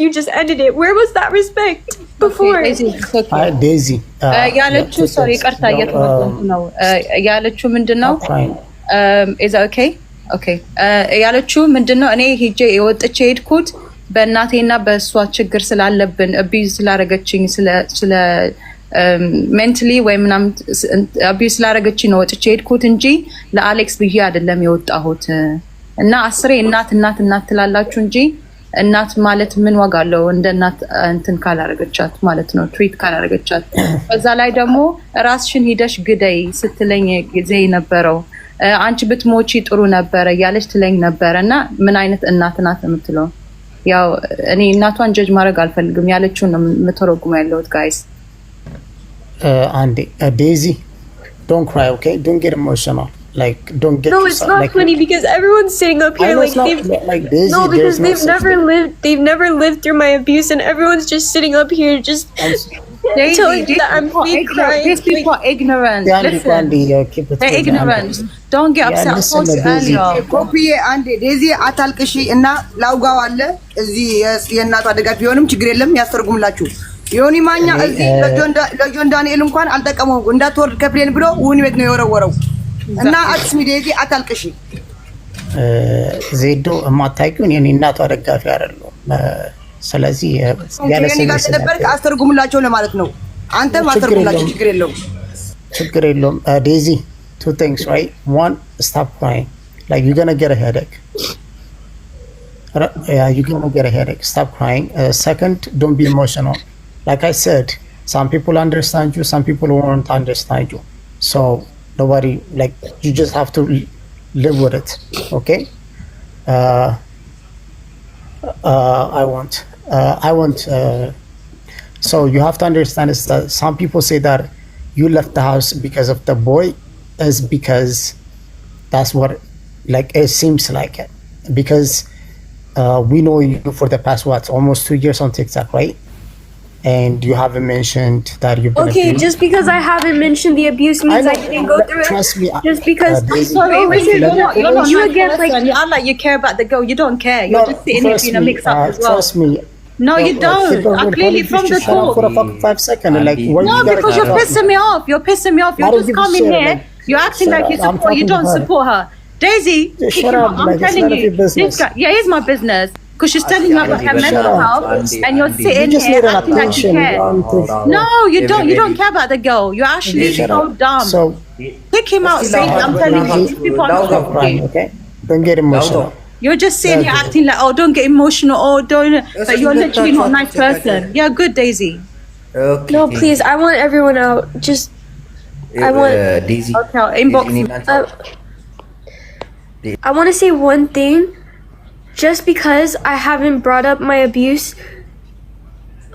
you just ended it. Where was that respect before? Okay, Daisy, okay. uh, Daisy. Uh, uh, yeah, um, is that okay? Okay. Uh, yeah, let you know. በእናቴና በእሷ ችግር ስላለብን አቢዩ ስላረገችኝ ስለ ሜንትሊ ወይም ምናምን አቢዩ ስላረገችኝ ነው ወጥቼ ሄድኩት እንጂ ለአሌክስ ብዬ አይደለም የወጣሁት። እና አስሬ እናት እናት እናት ትላላችሁ እንጂ እናት ማለት ምን ዋጋ አለው? እንደ እናት እንትን ካላረገቻት ማለት ነው፣ ትሪት ካላረገቻት። በዛ ላይ ደግሞ ራስሽን ሂደሽ ግደይ ስትለኝ ጊዜ ነበረው። አንቺ ብትሞቺ ጥሩ ነበረ እያለች ትለኝ ነበረ። እና ምን አይነት እናት ናት የምትለው ያው እኔ እናቷን ጀጅ ማድረግ አልፈልግም። ያለችውን የምተረጉሙ ያለሁት ጋይስ። አንዴ ዴዚ ዶንት ክራይ ኦኬ ዶንት ጌት ኢሞሽናል Like, don't get. No, it's not like, funny because everyone's sitting up here like they've like busy. no because There's they've never thing. lived they've never lived through my abuse and everyone's just sitting up here just Daisy, telling you that I'm fake crying. These people are ignorant. Candy, listen, candy, uh, keep it they're ignorant. Andy. Don't get upset. Yeah, listen, I told you earlier. ኮፒዬ አንዴ ዴዚ አታልቅሺ እና ላውጋው አለ እዚህ የእናቷ ደጋፊ ቢሆንም ችግር የለም ያስተርጉምላችሁ። ዮኒ ማኛ እዚህ ለጆን ዳንኤል እንኳን አልጠቀመው እንዳትወርድ ከፕሌን ብሎ ውህኒ ቤት ነው የወረወረው። እና አትስሚ ዴዚ አታልቅሺ። ዜዶ የማታውቂውን የኔ እናቷ ደጋፊ አይደለሁም። ስለዚህ ያለስነበር አስተርጉምላቸው ለማለት ነው። አንተም አስተርጉምላቸው። ችግር የለውም፣ ችግር የለውም። ዴዚ ቱ ቲንግስ ራይት ዋን ስታፕ ክራይንግ ላይክ ዩ ገና ገረ ሄደክ ዩ ገና ገረ ሄደክ ስታፕ ክራይንግ ሰከንድ ዶንት ቢ ኢሞሽናል ላይክ አይ ሰድ ሳም ፒፕል አንደርስታንድ ዩ ሳም ፒፕል ወንት አንደርስታንድ ዩ ሶ don't worry like you just have to live with it okay uh, uh, i want uh, i want uh, so you have to understand is that some people say that you left the house because of the boy is because that's what like it seems like it because uh, we know you for the past what almost two years on tiktok right and you haven't mentioned that you've been okay abused. just because i haven't mentioned the abuse means i, know, I didn't go through trust it me, just because uh, i'm sorry wait, you you're, not, you're not you again like you like you care about the girl you don't care you're no, just sitting here being a mix up uh, as well trust me no, no, you don't. I clearly from the talk. For a fucking five like no, you because you're pissing me off. You're pissing me off. You're just coming here. You're acting like you support. You don't support her, Daisy. Shut up. I'm telling you. This guy. Yeah, he's my business because she's telling up about her mental health, and you're sitting you here acting like you care. No, you don't. You don't care about the girl. You're actually so dumb. So take him out. Say, I'm telling you, people are not okay. Don't get emotional. You're just sitting here acting like, oh, don't get emotional, oh, don't. But you're literally not a nice person. Yeah, good, Daisy. Okay. No, please. I want everyone out. Just. I want. Uh, Daisy. Okay, inbox. Uh, I want to say one thing just because I haven't brought up my abuse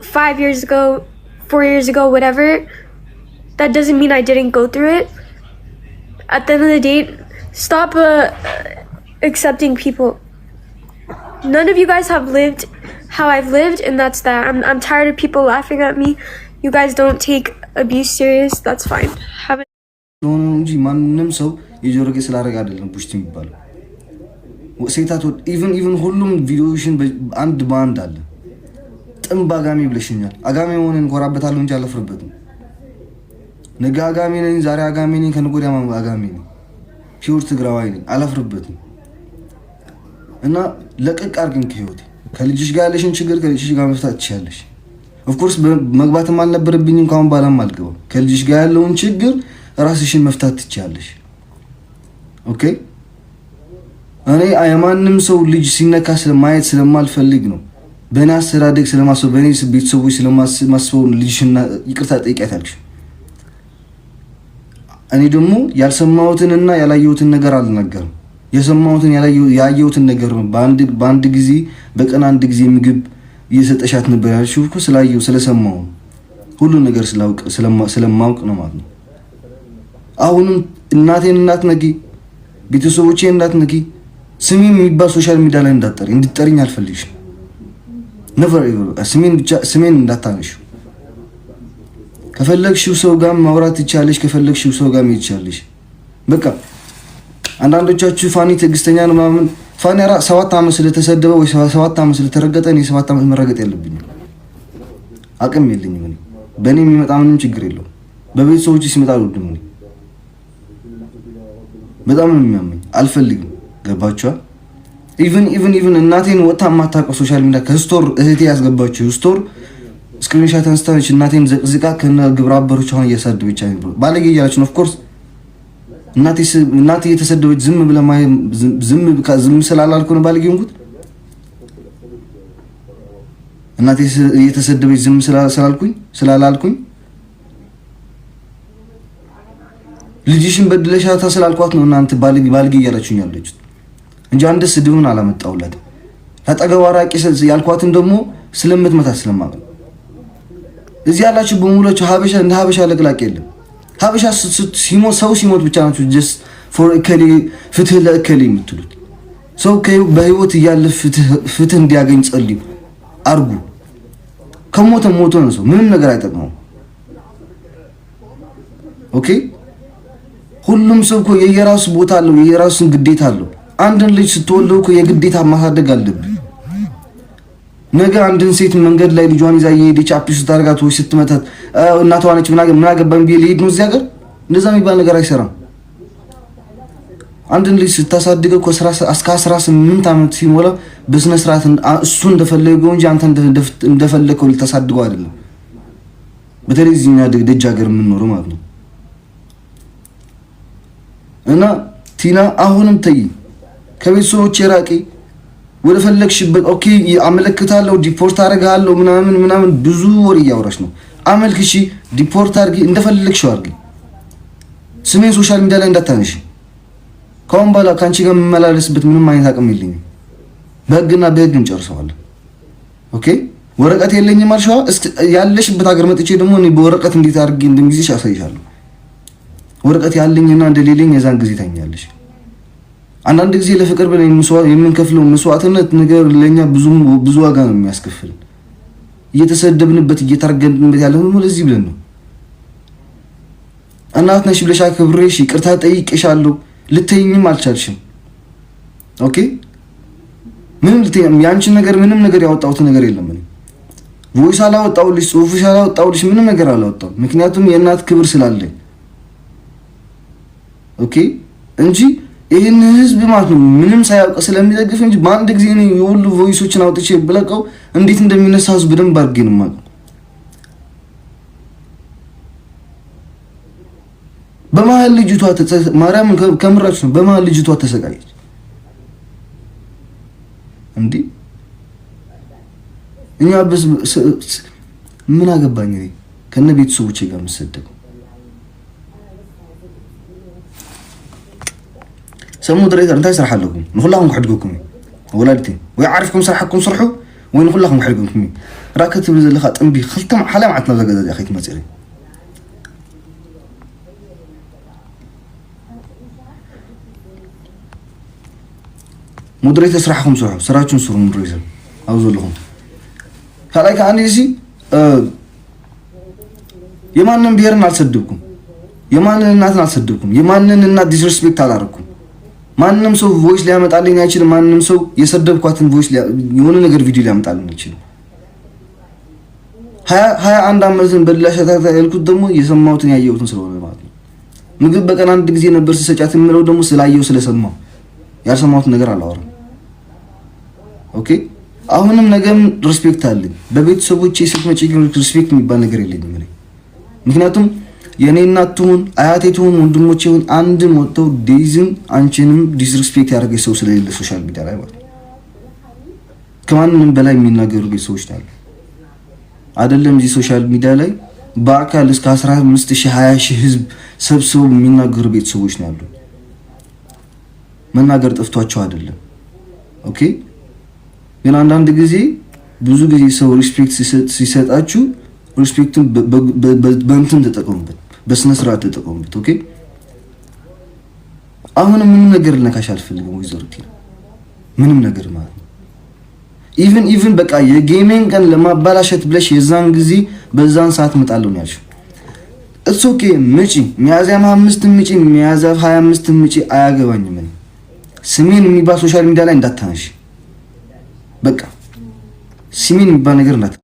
five years ago, four years ago, whatever, that doesn't mean I didn't go through it. At the end of the day, stop uh, accepting people. None of you guys have lived how I've lived, and that's that. I'm, I'm tired of people laughing at me. You guys don't take abuse serious. That's fine. Have ሴታት ኢቭን ኢቭን ሁሉም ቪዲዮሽን አንድ በአንድ አለ። ጥንብ አጋሚ ብለሽኛል። አጋሚ መሆን እንኮራበታለሁ እንጂ አላፍርበትም። ነገ አጋሚ ነኝ፣ ዛሬ አጋሚ ነኝ፣ ከነገ ወዲያ አጋሚ ነኝ። ፒውር ትግራዋይ ነኝ፣ አላፍርበትም። እና ለቅቅ አርግን ከህይወቴ። ከልጅሽ ጋር ያለሽን ችግር ከልጅሽ ጋር መፍታት ትችያለሽ። ኦፍኮርስ መግባትም አልነበረብኝም። ካሁን በኋላም አልገባም። ከልጅሽ ጋር ያለውን ችግር ራስሽን መፍታት ትችያለሽ። ኦኬ እኔ የማንም ሰው ልጅ ሲነካ ማየት ስለማልፈልግ ነው። በእኔ አስተዳደግ ስለማስበው በእኔ ቤተሰቦች ስለማስበው ልጅሽና ይቅርታ ጠይቂያት አልኩሽ። እኔ ደግሞ ያልሰማሁትንና ያላየሁትን ነገር አልናገርም። የሰማሁትን ያየሁትን ነገር ነው። በአንድ ጊዜ በቀን አንድ ጊዜ ምግብ እየሰጠሻት ነበር ያልሽው እኮ ስላየሁ ስለሰማሁ ሁሉ ነገር ስለማውቅ ነው ማለት ነው። አሁንም እናቴን እናትነጊ፣ ቤተሰቦቼ እናትነጊ ስሜ የሚባል ሶሻል ሚዲያ ላይ እንዳጠሪ እንድጠሪኝ አልፈልግሽም። ነቨር ስሜን ብቻ ስሜን እንዳታነሽ። ከፈለግሽው ሰው ጋር ማውራት ይቻለሽ፣ ከፈለግሽው ሰው ጋር ይቻለሽ። በቃ አንዳንዶቻችሁ ፋኒ ትዕግስተኛ ነው ምናምን። ፋኒ ሰባት ዓመት ስለተሰደበ ወይ ሰባት ዓመት ስለተረገጠ እኔ ሰባት ዓመት መረገጥ የለብኝም። አቅም የለኝም እኔ በእኔ የሚመጣ ምንም ችግር የለውም። በቤተሰቦች ሲመጣ አልወድም። እኔ በጣም ነው የሚያመኝ፣ አልፈልግም ገባችኋል? ኢቭን ኢቭን ኢቭን እናቴን ወጥታ የማታውቀው ሶሻል ሚዲያ ከስቶር እህቴ ያስገባችው ስቶር ስክሪንሻት አንስታለች። እናቴን ዘቅዝቃ ከነ ግብረ አበሮች አሁን እያሳደበች ነው። ባለጌ እያለች ነው ኦፍኮርስ እናቴ የተሰደበች ዝም ብለ ብለህ ዝም ዝም ስላላልኩ ነው ባለጌ እንኩት እናቴ እየተሰደበች ዝም ስላላልኩኝ ስላላልኩኝ ልጅሽን በድለሻታ ስላልኳት ነው እናንተ ባለጌ እያላችሁኝ ያለችሁት። እንጂ አንድ ስድብን አላመጣውለት። ታጠገብ አራቂ ያልኳትን ደግሞ ስለምትመታት ስለማቅ እዚህ ያላችሁ በሙላችሁ ሀበሻ እንደ ሀበሻ ለቅላቅ የለም። ሀበሻ ሲሞት ሰው ሲሞት ብቻ ናችሁ ጀስ ፎር እከሌ ፍትህ ለእከሌ የምትሉት ሰው በህይወት እያለ ፍትህ እንዲያገኝ ጸልዩ፣ አርጉ። ከሞተ ሞቶ ነው ሰው ምንም ነገር አይጠቅመው። ኦኬ ሁሉም ሰው እኮ የየራሱ ቦታ አለው፣ የየራሱን ግዴታ አለው። አንድን ልጅ ስትወልደው እኮ የግዴታ ማሳደግ አለብህ። ነገ አንድን ሴት መንገድ ላይ ልጇን ይዛ እየሄደች አፒ ስታደርጋት ወይ ስትመታት እናቷ ነች ምናገ አገባኝ ብዬ ይሄድ ነው እዚህ ሀገር? እንደዛ የሚባል ነገር አይሰራም። አንድን ልጅ ስታሳድገው እኮ እስከ አስራ ስምንት ዓመት ሲሞላ በስነ ስርዓት እሱ እንደፈለገው እንጂ አንተ እንደፈለከው ልታሳድገው አይደለም። በተለይ እዚህ እኛ ደጅ ሀገር የምንኖረው ማለት ነው እና ቲና አሁንም ተይ ከቤተሰቦች የራቂ ወደ ፈለግሽበት ኦኬ አመለክታለሁ፣ ዲፖርት አደርግሃለሁ ምናምን ምናምን ብዙ ወር እያወራች ነው። አመልክሺ፣ ዲፖርት አድርጊ፣ እንደፈለግሽው አድርጊ። ስሜን ሶሻል ሚዲያ ላይ እንዳታነሺ። ከአሁን በኋላ ከአንቺ ጋር የምመላለስበት ምንም አይነት አቅም የለኝም። በህግና በህግ እንጨርሰዋለን። ኦኬ ወረቀት የለኝም አልሽዋ። ያለሽበት ሀገር መጥቼ ደግሞ በወረቀት እንዴት አድርጌ እንደሚይዝሽ አሳይሻለሁ። ወረቀት ያለኝና እንደሌለኝ የዛን ጊዜ ታኛለሽ። አንዳንድ ጊዜ ለፍቅር ብለን የምንከፍለው መስዋዕትነት ነገር ለኛ ብዙ ዋጋ ነው የሚያስከፍል። እየተሰደብንበት እየታርገንበት ያለ ነው ለዚህ ብለን ነው። እናት ነሽ ብለሽ አክብሬሽ ይቅርታ ጠይቄሻለሁ። ልተይኝም አልቻልሽም። ኦኬ ምንም የአንቺን ነገር ምንም ነገር ያወጣሁት ነገር የለም። እኔ ቮይስ አላወጣሁልሽ፣ ጽሁፍሽ አላወጣሁልሽ፣ ምንም ነገር አላወጣሁ። ምክንያቱም የእናት ክብር ስላለኝ ኦኬ እንጂ ይህን ህዝብ ማለት ነው ምንም ሳያውቅ ስለሚደግፍ እንጂ በአንድ ጊዜ እኔ የሁሉ ቮይሶችን አውጥቼ ብለቀው እንዴት እንደሚነሳ ህዝብ በደንብ አድርጌ ነው የማውቀው። በመሀል ልጅቷ ማርያም ከምራች ነው። በመሀል ልጅቷ ተሰቃየች። እንዲህ እኛ ምን አገባኝ ከነ ቤተሰቦቼ ጋር የምሰደገው ሰብ ሞደሬተር እንታይ ስራሕ ኣለኩም ንኩላኩም ክሕድገኩም እዩ ወላድቲ ወይ ዓሪፍኩም ስራሕኩም ስርሑ ወይ ንኩላኩም ክሕድገኩም እዩ ራክ ትብል ዘለካ ጥንቢ ክልተ ሓለ መዓት ናብዛ ገዛ እዚኣ ከይትመፅእ ሞደሬተር ስራሕኩም ስርሑ ስራችን ስሩ ሞደሬተር ኣብ ዘለኹም ካልኣይ ከዓ እዚ የማንን ብሄርን አልሰድብኩም የማንን እናትን አልሰድብኩም የማንን እናት ዲስሪስፔክት አላረኩም ማንም ሰው ቮይስ ሊያመጣልኝ አይችልም። ማንም ሰው የሰደብኳትን ቮይስ የሆነ ነገር ቪዲዮ ሊያመጣልኝ አይችልም። ሀያ አንድ አመትን በላሽ ታታ ያልኩት ደግሞ የሰማሁትን ያየሁትን ስለሆነ ማለት ነው። ምግብ በቀን አንድ ጊዜ ነበር ስሰጫት የምለው ደግሞ ስላየው ስለሰማው ያልሰማሁትን ነገር አላወራም። ኦኬ አሁንም ነገም ሪስፔክት አለኝ። በቤተሰቦቼ ስትመጪ ሪስፔክት የሚባል ነገር የለኝም ምክንያቱም የእኔ እናት ትሁን አያቴ ትሁን ወንድሞቼ ሁን አንድም ወጥተው ዴዝን አንቺንም ዲስሪስፔክት ያደረገች ሰው ስለሌለ ሶሻል ሚዲያ ላይ ማለት ከማንም በላይ የሚናገሩ ሰዎች ናቸው። አይደለም እዚህ ሶሻል ሚዲያ ላይ በአካል እስከ 15 ሺህ 20 ሺህ ህዝብ ሰብስበው የሚናገሩ ቤተሰቦች ነው ያሉ። መናገር ጠፍቷቸው አይደለም። ኦኬ። ግን አንዳንድ ጊዜ ብዙ ጊዜ ሰው ሪስፔክት ሲሰጣችሁ ሪስፔክቱን በእንትን ተጠቀሙበት። በስነ ስርዓት ተጠቀሙበት። ኦኬ። አሁን ምንም ነገር ልነካሽ አልፈልግም ወይዘሮ ቲና፣ ምንም ነገር ማለት ነው። ኢቭን ኢቭን በቃ የጌሜን ቀን ለማባላሸት ብለሽ የዛን ጊዜ በዛን ሰዓት እመጣለሁ ነው ያልሽው። እሱ ኦኬ ምጪ፣ ሚያዝያ አምስት ምጪ፣ ሚያዝያ 25 ምጪ፣ አያገባኝም። ምን ስሜን የሚባል ሶሻል ሚዲያ ላይ እንዳታነሽ፣ በቃ ስሜን የሚባል ነገር እንዳታ